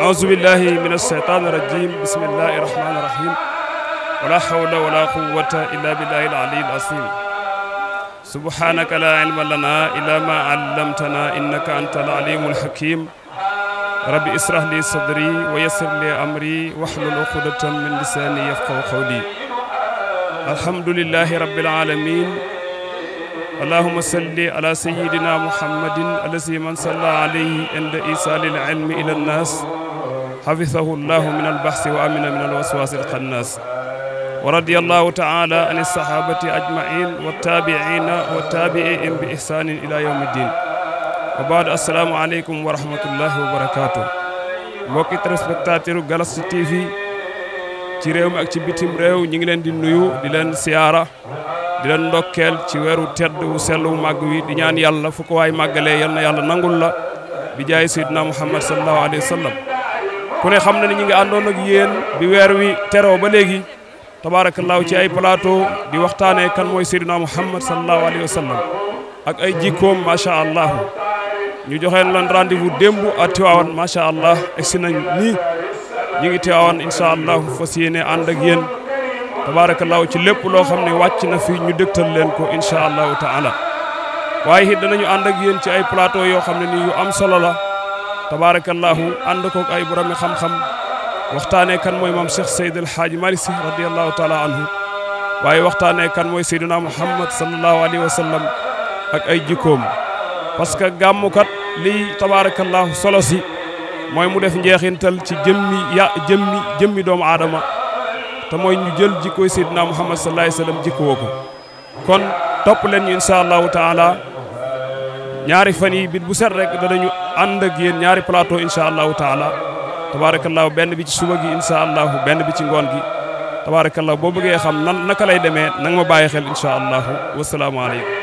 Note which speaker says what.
Speaker 1: أعوذ بالله من الشيطان الرجيم بسم الله الرحمن الرحيم ولا حول ولا قوة إلا بالله العلي العظيم سبحانك لا علم لنا إلا ما علمتنا إنك أنت العليم الحكيم ربي اسرح لي صدري ويسر لي أمري واحلل عقدة من لساني يفقه قولي الحمد لله رب العالمين اللهم صل على سيدنا محمد الذي من صلى عليه عند إيصال العلم إلى الناس حفظه الله من البحث وأمن من الوسواس الخناس ورضي الله تعالى عن الصحابة أجمعين والتابعين والتابعين بإحسان إلى يوم الدين وبعد السلام عليكم ورحمة الله وبركاته mbokki téléspectateur Galaxy تي في تي ريوم اك تي بيتيم ريو نيغي ngi دي نويو دي di سياره di leen ndokkeel ci weeru tedd wu sell wu màgg wi di ñaan yàlla fu ko waay màggalee yal na yàlla nangul la bi jaay sayyidina muhammad sallallahu alayhi wa sallam ku ne xam na ne ñi ngi àndoon ak yéen bi weer wi teroo ba léegi tabaarakallaahu ci ay plateau di waxtaanee kan mooy sayyidina muhammad sallallahu alayhi wa sallam ak ay jikkoom macha allah ñu joxeen lan rendez-vous démb à Tiwaawan macha allah egsi nañ nii ñi ngi Tiwaawan incha allah fas yéene ànd ak yéen tabaarakallaahu ci lépp loo xam ne wàcc na fi ñu dégtal leen ko incha allahu taala waaye it danañu ànd ak yéen ci ay plateau yoo xam ne nii yu am solo la tabaarakallaahu ànd kook ay boroomi xam-xam waxtaanee kan mooy maam Cheikh Seydou El Hadj Malick Sy radiyallaahu taala anhu waaye waxtaanee kan mooy Seydina Muhammad sallallahu alayhi wa sallam ak ay jikkoom parce que gàmmukat lii tabaarakallaahu solo si mooy mu def njeexintal ci jëmmi ya jëmmi jëmmi doomu aadama. te mooy ñu jël jikkooy Seydina Muhammad sallallahu alayhi wa sallam jikkoo ko kon topp leen ñu incha allahu taala ñaari fan yi bit bu set rek danañu ànd ak yéen ñaari plateau incha allahu taala tabaarakallahu benn bi ci suba gi incha allahu benn bi ci ngoon gi tabaarakallahu boo bëggee xam nan naka lay demee nanga ma bàyyi xel incha allahu wasalaamualeykum.